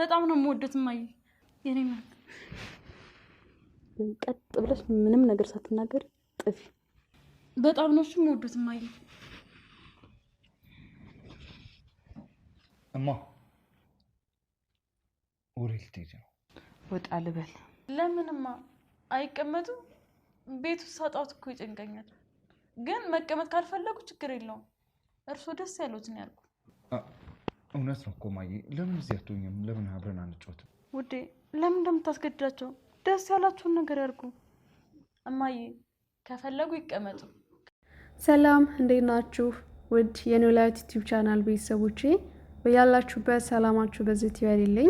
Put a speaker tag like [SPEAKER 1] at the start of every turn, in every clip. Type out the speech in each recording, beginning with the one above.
[SPEAKER 1] በጣም ነው የምወደት እማዬ። የኔና
[SPEAKER 2] ቀጥ ብለሽ ምንም ነገር ሳትናገር ጥፊ።
[SPEAKER 1] በጣም ነው እሱ የምወደት እማዬ።
[SPEAKER 3] እማ ወሬ ልትሄጂ ነው?
[SPEAKER 4] ወጣ ልበል።
[SPEAKER 1] ለምንማ አይቀመጡ ቤቱ ሳጣት እኮ ይጨንቀኛል። ግን መቀመጥ ካልፈለጉ ችግር የለውም። እርስዎ ደስ ያሉትን ያልኩ
[SPEAKER 3] እውነት ነው እኮ ማዬ፣ ለምን እዚህ አትሆኝም? ለምን አብረን አንጫወትም?
[SPEAKER 1] ውዴ፣ ለምን እንደምታስገድዳቸው? ደስ ያላችሁን ነገር ያርጉ። እማዬ ከፈለጉ ይቀመጡ።
[SPEAKER 4] ሰላም፣ እንዴት ናችሁ? ውድ የኖላዊት ዩቲዩብ ቻናል ቤተሰቦቼ በያላችሁበት ሰላማችሁ በዚህ ትበልልኝ።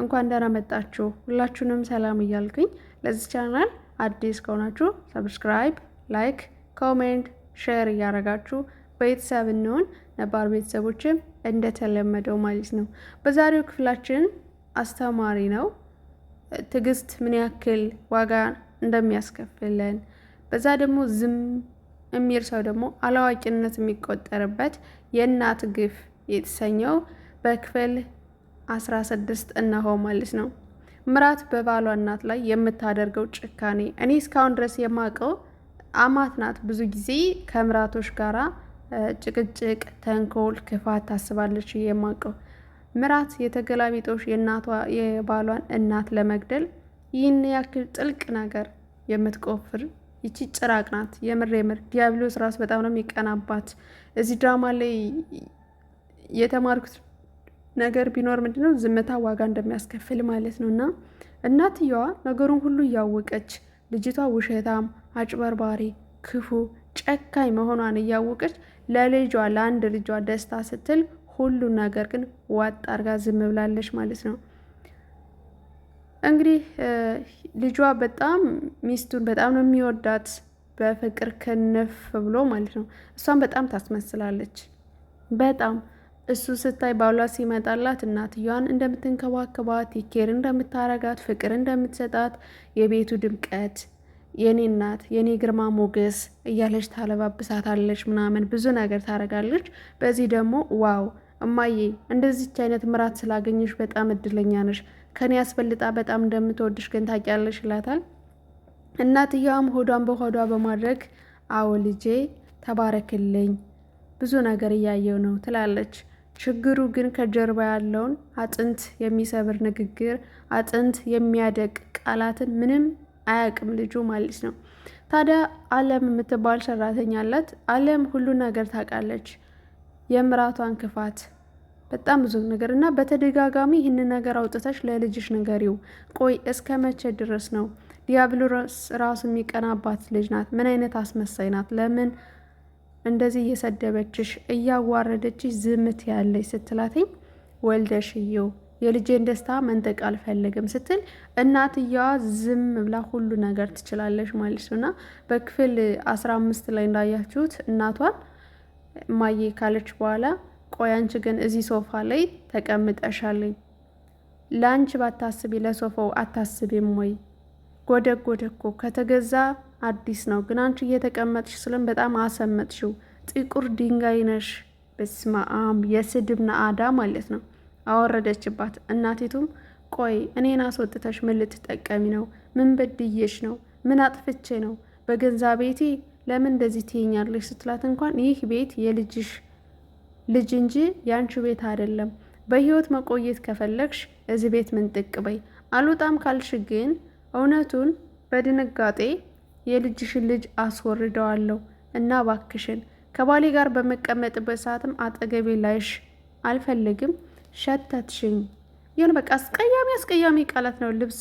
[SPEAKER 4] እንኳን ደህና መጣችሁ። ሁላችሁንም ሰላም እያልኩኝ ለዚህ ቻናል አዲስ ከሆናችሁ ሰብስክራይብ፣ ላይክ፣ ኮሜንት፣ ሼር እያረጋችሁ ቤተሰብ እንሆን። ነባር ቤተሰቦችም እንደተለመደው ማለት ነው። በዛሬው ክፍላችን አስተማሪ ነው። ትዕግስት ምን ያክል ዋጋ እንደሚያስከፍለን በዛ ደግሞ ዝም የሚል ሰው ደግሞ አላዋቂነት የሚቆጠርበት የእናት ግፍ የተሰኘው በክፍል አስራ ስድስት እነሆ ማለት ነው። ምራት በባሏ እናት ላይ የምታደርገው ጭካኔ እኔ እስካሁን ድረስ የማውቀው አማት ናት ብዙ ጊዜ ከምራቶች ጋራ ጭቅጭቅ፣ ተንኮል፣ ክፋት ታስባለች የማቀው ምራት የተገላቢጦሽ የእናቷ የባሏን እናት ለመግደል ይህን ያክል ጥልቅ ነገር የምትቆፍር ይቺ ጭራቅ ናት። የምር የምር ዲያብሎስ ራሱ በጣም ነው የሚቀናባት። እዚህ ድራማ ላይ የተማርኩት ነገር ቢኖር ምንድነው ዝምታ ዋጋ እንደሚያስከፍል ማለት ነው። እና እናትየዋ ነገሩን ሁሉ እያወቀች ልጅቷ ውሸታም፣ አጭበርባሪ፣ ክፉ ጨካኝ መሆኗን እያወቀች ለልጇ ለአንድ ልጇ ደስታ ስትል ሁሉን ነገር ግን ዋጥ አርጋ ዝም ብላለች ማለት ነው። እንግዲህ ልጇ በጣም ሚስቱን በጣም ነው የሚወዳት በፍቅር ክንፍ ብሎ ማለት ነው። እሷን በጣም ታስመስላለች። በጣም እሱ ስታይ ባሏ ሲመጣላት እናትየዋን እንደምትንከባከባት፣ ኬር እንደምታረጋት፣ ፍቅር እንደምትሰጣት የቤቱ ድምቀት የኔ እናት የኔ ግርማ ሞገስ እያለች ታለባብሳታለች፣ ምናምን ብዙ ነገር ታደርጋለች። በዚህ ደግሞ ዋው እማዬ እንደዚች አይነት ምራት ስላገኘሽ በጣም እድለኛ ነሽ፣ ከኔ ያስፈልጣ በጣም እንደምትወድሽ ግን ታውቂያለሽ ይላታል። እናትየዋም ሆዷን በሆዷ በማድረግ አዎ ልጄ ተባረክልኝ፣ ብዙ ነገር እያየው ነው ትላለች። ችግሩ ግን ከጀርባ ያለውን አጥንት የሚሰብር ንግግር፣ አጥንት የሚያደቅ ቃላትን ምንም አያውቅም ልጁ ማለት ነው። ታዲያ አለም የምትባል ሰራተኛ አላት። አለም ሁሉ ነገር ታውቃለች። የምራቷን ክፋት በጣም ብዙ ነገር እና በተደጋጋሚ ይህን ነገር አውጥተሽ ለልጅሽ ንገሪው። ቆይ እስከ መቼ ድረስ ነው? ዲያብሎ ራሱ የሚቀናባት ልጅ ናት። ምን አይነት አስመሳይ ናት? ለምን እንደዚህ እየሰደበችሽ እያዋረደችሽ ዝምት ያለች ስትላትኝ ወልደሽየው የልጄን ደስታ መንጠቅ አልፈልግም ስትል እናትየዋ ዝም ብላ ሁሉ ነገር ትችላለች ማለት ነው። እና በክፍል አስራ አምስት ላይ እንዳያችሁት እናቷን ማዬ ካለች በኋላ ቆይ አንቺ ግን እዚህ ሶፋ ላይ ተቀምጠሻለኝ ለአንቺ ባታስቢ ለሶፋው አታስቢም ወይ? ጎደጎደ እኮ ከተገዛ አዲስ ነው፣ ግን አንቺ እየተቀመጥሽ ስለም በጣም አሰመጥሽው። ጥቁር ድንጋይ ነሽ። በስመ አብ የስድብ ነአዳ ማለት ነው። አወረደችባት። እናቲቱም ቆይ እኔን አስወጥተሽ ምን ልትጠቀሚ ነው? ምን በድዬሽ ነው? ምን አጥፍቼ ነው? በገንዛ ቤቴ ለምን እንደዚህ ትይኛለሽ? ስትላት እንኳን ይህ ቤት የልጅሽ ልጅ እንጂ ያንቺ ቤት አይደለም። በህይወት መቆየት ከፈለግሽ እዚህ ቤት ጥቅ በይ። አልወጣም ካልሽ ግን እውነቱን በድንጋጤ የልጅሽን ልጅ አስወርደዋለሁ እና ባክሽን ከባሌ ጋር በመቀመጥበት ሰዓትም አጠገቤ ላይሽ አልፈልግም ሸተትሽኝ የሆነ በቃ አስቀያሚ አስቀያሚ ቃላት ነው። ልብስ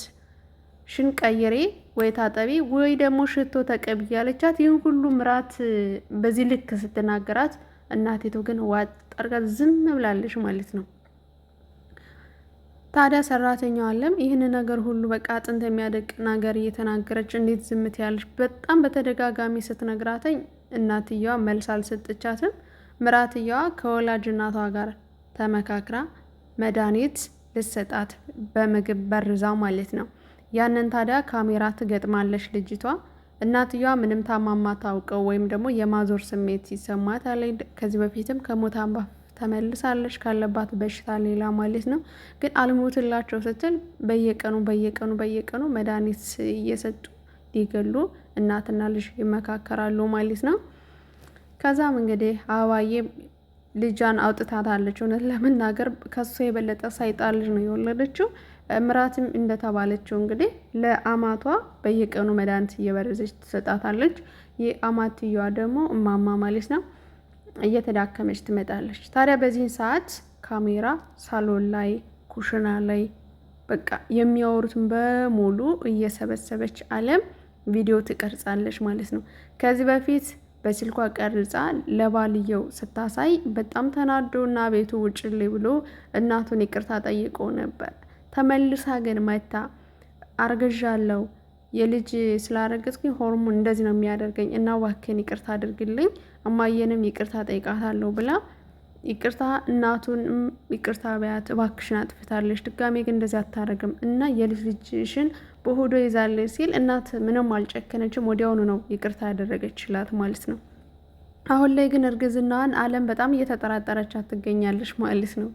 [SPEAKER 4] ሽን ቀይሬ ወይ ታጠቢ ወይ ደግሞ ሽቶ ተቀብ ያለቻት ይህን ሁሉ ምራት በዚህ ልክ ስትናገራት እናቴቶ ግን ዋጥ ዝም ብላለች ማለት ነው። ታዲያ ሰራተኛው አለም ይህን ነገር ሁሉ በቃ አጥንት የሚያደቅ ነገር እየተናገረች እንዴት ዝምት ያለች በጣም በተደጋጋሚ ስትነግራተኝ እናትየዋ መልስ አልሰጠቻትም። ምራትየዋ ከወላጅ እናቷ ጋር ተመካክራ መድኃኒት ልሰጣት በምግብ በርዛ ማለት ነው። ያንን ታዲያ ካሜራ ትገጥማለች ልጅቷ። እናትየዋ ምንም ታማማ ታውቀው ወይም ደግሞ የማዞር ስሜት ይሰማታል። ከዚህ በፊትም ከሞት ተመልሳለች ካለባት በሽታ ሌላ ማለት ነው። ግን አልሞትላቸው ስትል በየቀኑ በየቀኑ በየቀኑ መድኃኒት እየሰጡ ሊገሉ እናትና ልጅ ይመካከራሉ ማለት ነው። ከዛም እንግዲህ አበባዬ ልጇን አውጥታታለች። እውነት ለመናገር ከሱ የበለጠ ሳይጣ ልጅ ነው የወለደችው። ምራትም እንደተባለችው እንግዲህ ለአማቷ በየቀኑ መድኃኒት እየበረዘች ትሰጣታለች። ይህ አማትየዋ ደግሞ እማማ ማለት ነው እየተዳከመች ትመጣለች። ታዲያ በዚህን ሰዓት ካሜራ ሳሎን ላይ፣ ኩሽና ላይ በቃ የሚያወሩትን በሙሉ እየሰበሰበች አለም ቪዲዮ ትቀርጻለች ማለት ነው ከዚህ በፊት በስልኳ ቀርጻ ለባልየው ስታሳይ በጣም ተናዶ እና ቤቱ ላይ ብሎ እናቱን ይቅርታ ጠይቆ ነበር። ተመልሳ ግን መታ አርግዣለሁ፣ የልጅ ስላረገዝኩ ሆርሞን እንደዚህ ነው የሚያደርገኝ እና ዋክን ይቅርታ አድርግልኝ፣ እማየንም ይቅርታ ጠይቃታለሁ ብላ ይቅርታ እናቱን ይቅርታ ቢያት እባክሽን አጥፍታለች፣ ድጋሜ ግን እንደዚህ አታደርግም እና የልጅ ልጅሽን በሆዶ ይዛለች ሲል እናት ምንም አልጨከነችም። ወዲያውኑ ነው ይቅርታ ያደረገችላት ማለት ነው። አሁን ላይ ግን እርግዝናዋን ዓለም በጣም እየተጠራጠረች ትገኛለች ማለት ነው።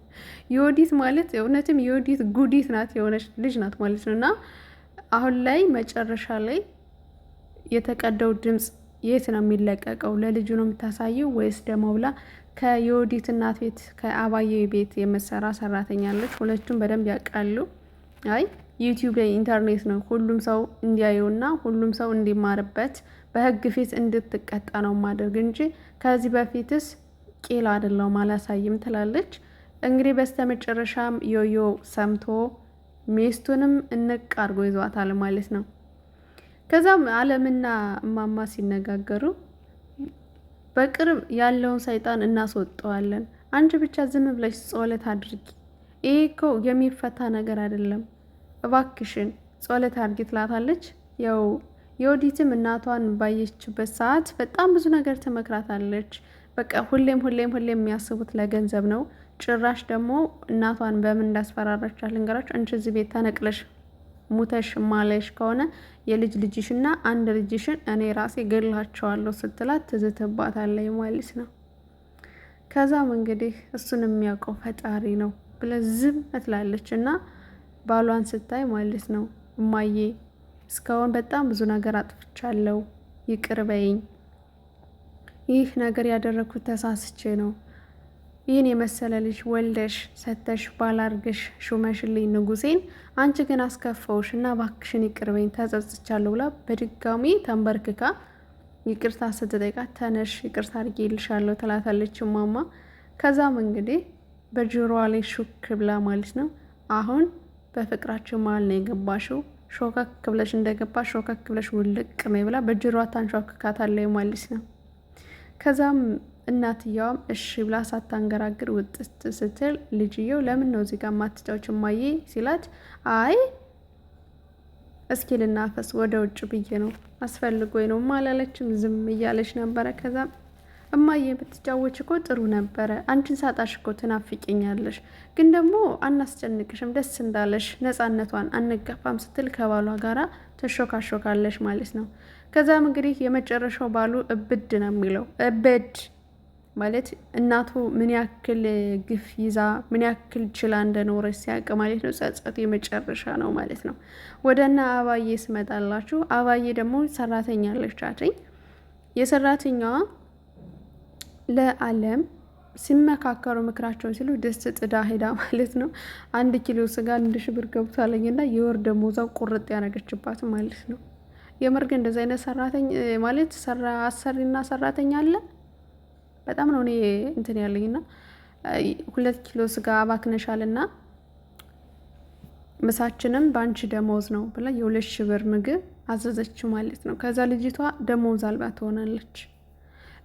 [SPEAKER 4] የወዲት ማለት እውነትም የወዲት ጉዲት ናት የሆነች ልጅ ናት ማለት ነው። እና አሁን ላይ መጨረሻ ላይ የተቀደው ድምፅ የት ነው የሚለቀቀው? ለልጁ ነው የምታሳየው ወይስ ደግሞ ብላ ከዮዲት እናት ቤት ከአባዬ ቤት የምትሰራ ሰራተኛ አለች። ሁለቱም በደንብ ያውቃሉ። አይ ዩቲዩብ ላይ ኢንተርኔት ነው ሁሉም ሰው እንዲያየውና ሁሉም ሰው እንዲማርበት በህግ ፊት እንድትቀጣ ነው ማድረግ እንጂ ከዚህ በፊትስ ቂል አይደለሁም አላሳይም ትላለች። እንግዲህ በስተመጨረሻም ዮዮ ሰምቶ ሚስቱንም እንቅ አድርጎ ይዟታል ማለት ነው። ከዛም አለምና እማማ ሲነጋገሩ በቅርብ ያለውን ሰይጣን እናስወጠዋለን። አንቺ ብቻ ዝም ብለሽ ጸሎት አድርጊ። ይሄ እኮ የሚፈታ ነገር አይደለም፣ እባክሽን ጸሎት አድርጊ ትላታለች። ያው የወዲትም እናቷን ባየችበት ሰዓት በጣም ብዙ ነገር ትመክራታለች። በቃ ሁሌም ሁሌም ሁሌም የሚያስቡት ለገንዘብ ነው። ጭራሽ ደግሞ እናቷን በምን እንዳስፈራራች ልንገራችሁ። አንቺ እዚህ ቤት ተነቅለሽ ሙተሽ ማለሽ ከሆነ የልጅ ልጅሽና አንድ ልጅሽን እኔ ራሴ ገድላቸዋለሁ ስትላት ትዝትባታለች ማለት ነው። ከዛም እንግዲህ እሱን የሚያውቀው ፈጣሪ ነው ብለ ዝም እትላለች እና ባሏን ስታይ ማለት ነው እማዬ እስካሁን በጣም ብዙ ነገር አጥፍቻለሁ፣ ይቅር በይኝ። ይህ ነገር ያደረግኩት ተሳስቼ ነው ይህን የመሰለ ልጅ ወልደሽ ሰተሽ ባላርግሽ ሹመሽልኝ ንጉሴን አንቺ ግን አስከፈውሽ እና ባክሽን ይቅርበኝ ተጸጽቻለሁ ብላ በድጋሚ ተንበርክካ ይቅርታ ስትጠይቃት ተነሽ ይቅርታ አድርጌልሻለሁ ትላታለች ማማ። ከዛም እንግዲህ በጆሮዋ ላይ ሹክ ብላ ማለት ነው አሁን በፍቅራችን መሀል ነው የገባሽው ሾከክ ብለሽ እንደገባ ሾከክ ብለሽ ውልቅ ነው ብላ በጆሮዋ ታንሾክካታለች ማለት ነው። ከዛም እናትየዋም እሺ ብላ ሳታንገራግር ውጥት ስትል ልጅየው ለምን ነው እዚህ ጋር ማትጫዎች እማዬ ሲላት፣ አይ እስኪ ልናፈስ ወደ ውጭ ብዬ ነው አስፈልጎኝ ነው ማላለችም፣ ዝም እያለች ነበረ። ከዛም እማዬ ብትጫወች እኮ ጥሩ ነበረ። አንቺን ሳጣሽ እኮ ትናፍቂኛለሽ። ግን ደግሞ አናስጨንቅሽም፣ ደስ እንዳለሽ ነፃነቷን አንገፋም ስትል ከባሏ ጋራ ተሾካሾካለሽ ማለት ነው። ከዛም እንግዲህ የመጨረሻው ባሉ እብድ ነው የሚለው እብድ ማለት እናቱ ምን ያክል ግፍ ይዛ ምን ያክል ችላ እንደኖረ ሲያቅ ማለት ነው። ጸጸቱ የመጨረሻ ነው ማለት ነው። ወደና አባዬ ስመጣላችሁ አባዬ ደግሞ ሰራተኛ አለቻትኝ የሰራተኛዋ ለአለም ሲመካከሩ ምክራቸውን ሲሉ ደስ ጥዳ ሄዳ ማለት ነው። አንድ ኪሎ ስጋ አንድ ሺህ ብር ገብቷለኝና የወር ደሞዛው ቁርጥ ያደረገችባት ማለት ነው። የምር ግን እንደዚህ አይነት ሰራተኛ ማለት ሰራ አሰሪና ሰራተኛ አለ። በጣም ነው እኔ እንትን ያለኝና ሁለት ኪሎ ስጋ አባክነሻልና ምሳችንም በአንቺ ደሞዝ ነው ብላ የሁለት ሺህ ብር ምግብ አዘዘች ማለት ነው። ከዛ ልጅቷ ደሞዝ አልባ ትሆናለች።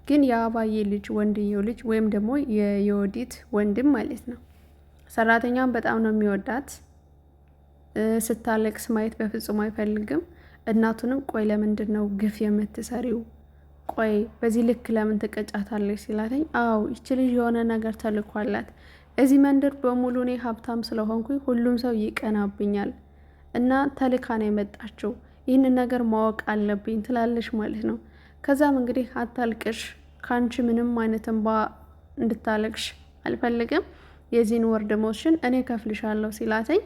[SPEAKER 4] ግን የአባዬ ልጅ ወንድየው ልጅ ወይም ደግሞ የዮዲት ወንድም ማለት ነው ሰራተኛም በጣም ነው የሚወዳት። ስታለቅስ ማየት በፍጹም አይፈልግም። እናቱንም ቆይ ለምንድን ነው ግፍ የምትሰሪው? ቆይ በዚህ ልክ ለምን ትቀጫታለች ሲላተኝ፣ አው ይች ልጅ የሆነ ነገር ተልኳላት። እዚህ መንደር በሙሉ እኔ ሀብታም ስለሆንኩ ሁሉም ሰው ይቀናብኛል እና ተልካ ነው የመጣችው። ይህንን ነገር ማወቅ አለብኝ ትላለች ማለት ነው። ከዛም እንግዲህ አታልቅሽ፣ ከአንቺ ምንም አይነት እንባ እንድታለቅሽ አልፈልግም፣ የዚህን ወር ሞሽን እኔ ከፍልሻለሁ ሲላተኝ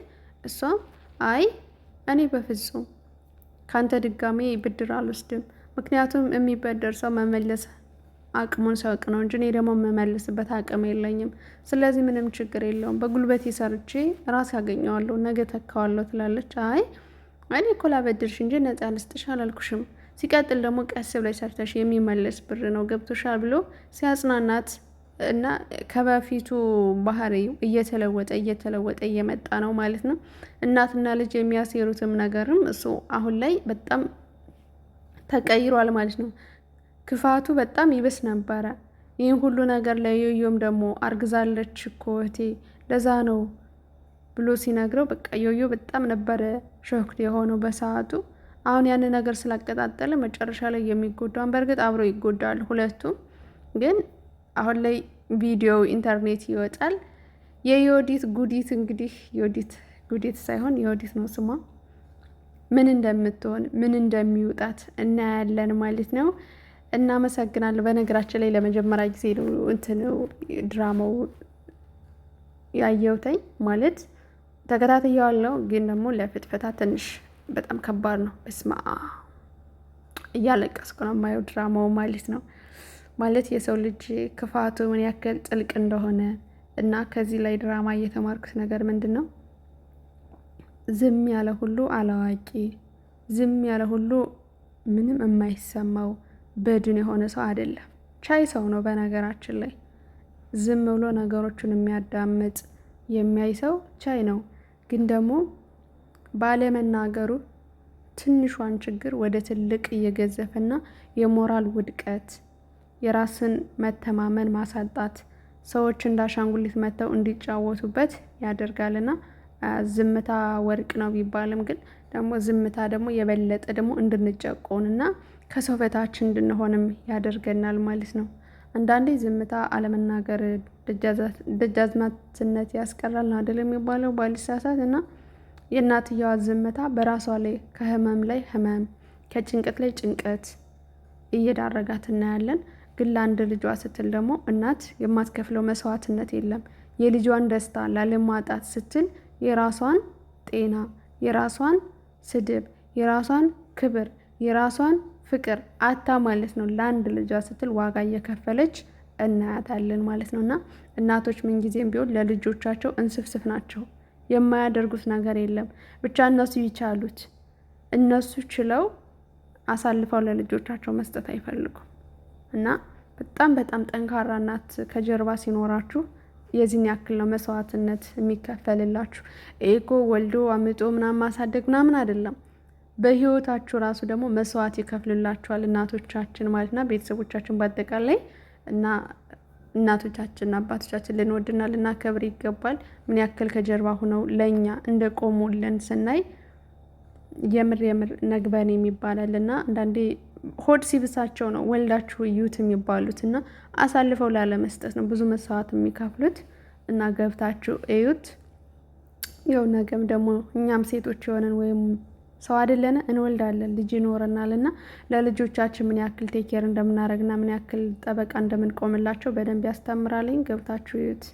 [SPEAKER 4] እሷም አይ እኔ በፍጹም ከአንተ ድጋሜ ብድር አልወስድም፣ ምክንያቱም የሚበደር ሰው መመለስ አቅሙን ሲያውቅ ነው እንጂ እኔ ደግሞ የምመልስበት አቅም የለኝም። ስለዚህ ምንም ችግር የለውም፣ በጉልበት ሰርቼ ራስ ያገኘዋለሁ፣ ነገ ተካዋለሁ ትላለች። አይ እኔ እኮ ላበድርሽ እንጂ ነፃ ልስጥሽ አላልኩሽም ሲቀጥል ደግሞ ቀስ ብላይ ሰርተሽ የሚመለስ ብር ነው ገብቶሻል ብሎ ሲያጽናናት እና ከበፊቱ ባህሪ እየተለወጠ እየተለወጠ እየመጣ ነው ማለት ነው። እናትና ልጅ የሚያሴሩትም ነገርም እሱ አሁን ላይ በጣም ተቀይሯል ማለት ነው። ክፋቱ በጣም ይብስ ነበረ። ይህን ሁሉ ነገር ለዮዮም ደግሞ አርግዛለች እኮ እህቴ ለዛ ነው ብሎ ሲነግረው በቃ ዮዮ በጣም ነበረ ሾክ የሆነው በሰዓቱ አሁን ያን ነገር ስላቀጣጠለ መጨረሻ ላይ የሚጎዳውን በእርግጥ አብረው ይጎዳል ሁለቱም። ግን አሁን ላይ ቪዲዮ ኢንተርኔት ይወጣል። የዮዲት ጉዲት እንግዲህ ዮዲት ጉዲት ሳይሆን የዮዲት ነው ስሟ። ምን እንደምትሆን ምን እንደሚውጣት እናያለን ማለት ነው። እናመሰግናለን። በነገራችን ላይ ለመጀመሪያ ጊዜ ነው እንትን ድራማው ያየውተኝ ማለት ተከታትያዋለሁ፣ ግን ደግሞ ለፍትፈታ ትንሽ በጣም ከባድ ነው። በስማ እያለቀስኩ ነው የማየው ድራማው ማለት ነው። ማለት የሰው ልጅ ክፋቱ ምን ያክል ጥልቅ እንደሆነ እና ከዚህ ላይ ድራማ እየተማርኩት ነገር ምንድን ነው ዝም ያለ ሁሉ አላዋቂ፣ ዝም ያለ ሁሉ ምንም የማይሰማው በድን የሆነ ሰው አይደለም። ቻይ ሰው ነው በነገራችን ላይ ዝም ብሎ ነገሮችን የሚያዳምጥ የሚያይ ሰው ቻይ ነው ግን ደግሞ ባለመናገሩ ትንሿን ችግር ወደ ትልቅ እየገዘፈና የሞራል ውድቀት፣ የራስን መተማመን ማሳጣት፣ ሰዎች እንዳሻንጉሊት አሻንጉሊት መጥተው እንዲጫወቱበት ያደርጋልና ዝምታ ወርቅ ነው ቢባልም ግን ደግሞ ዝምታ ደግሞ የበለጠ ደግሞ እንድንጨቆንና ከሰው በታች እንድንሆንም ያደርገናል ማለት ነው። አንዳንዴ ዝምታ አለመናገር ደጃዝማችነት ያስቀራል አይደል የሚባለው ባልሳሳት እና የእናትየዋ ዝምታ በራሷ ላይ ከህመም ላይ ህመም ከጭንቀት ላይ ጭንቀት እየዳረጋት እናያለን። ግን ለአንድ ልጇ ስትል ደግሞ እናት የማትከፍለው መስዋዕትነት የለም። የልጇን ደስታ ላለማጣት ስትል የራሷን ጤና፣ የራሷን ስድብ፣ የራሷን ክብር፣ የራሷን ፍቅር አታ ማለት ነው ለአንድ ልጇ ስትል ዋጋ እየከፈለች እናያታለን ማለት ነው። እና እናቶች ምንጊዜም ቢሆን ለልጆቻቸው እንስፍስፍ ናቸው። የማያደርጉት ነገር የለም። ብቻ እነሱ ይቻሉት። እነሱ ችለው አሳልፈው ለልጆቻቸው መስጠት አይፈልጉም እና በጣም በጣም ጠንካራ እናት ከጀርባ ሲኖራችሁ የዚህን ያክል ነው መስዋዕትነት የሚከፈልላችሁ። ኤጎ ወልዶ አምጦ ምናምን ማሳደግ ምናምን አይደለም። በህይወታችሁ ራሱ ደግሞ መስዋዕት ይከፍልላችኋል እናቶቻችን ማለትና ቤተሰቦቻችን በአጠቃላይ እና እናቶቻችንና አባቶቻችን ልንወድና ልናከብር ይገባል። ምን ያክል ከጀርባ ሁነው ለእኛ ቆሙልን ስናይ የምር የምር ነግበን የሚባላል እና አንዳንዴ ሆድ ሲብሳቸው ነው ወልዳችሁ እዩት የሚባሉት እና አሳልፈው ላለመስጠት ነው ብዙ መስዋዕት የሚከፍሉት እና ገብታችሁ እዩት። ያው ነገም ደግሞ እኛም ሴቶች የሆነን ወይም ሰው አይደለን? እንወልዳለን፣ ልጅ ይኖረናል እና ለልጆቻችን ምን ያክል ቴኬር እንደምናደርግና ምን ያክል ጠበቃ እንደምንቆምላቸው በደንብ ያስተምራልኝ። ገብታችሁ ይዩት።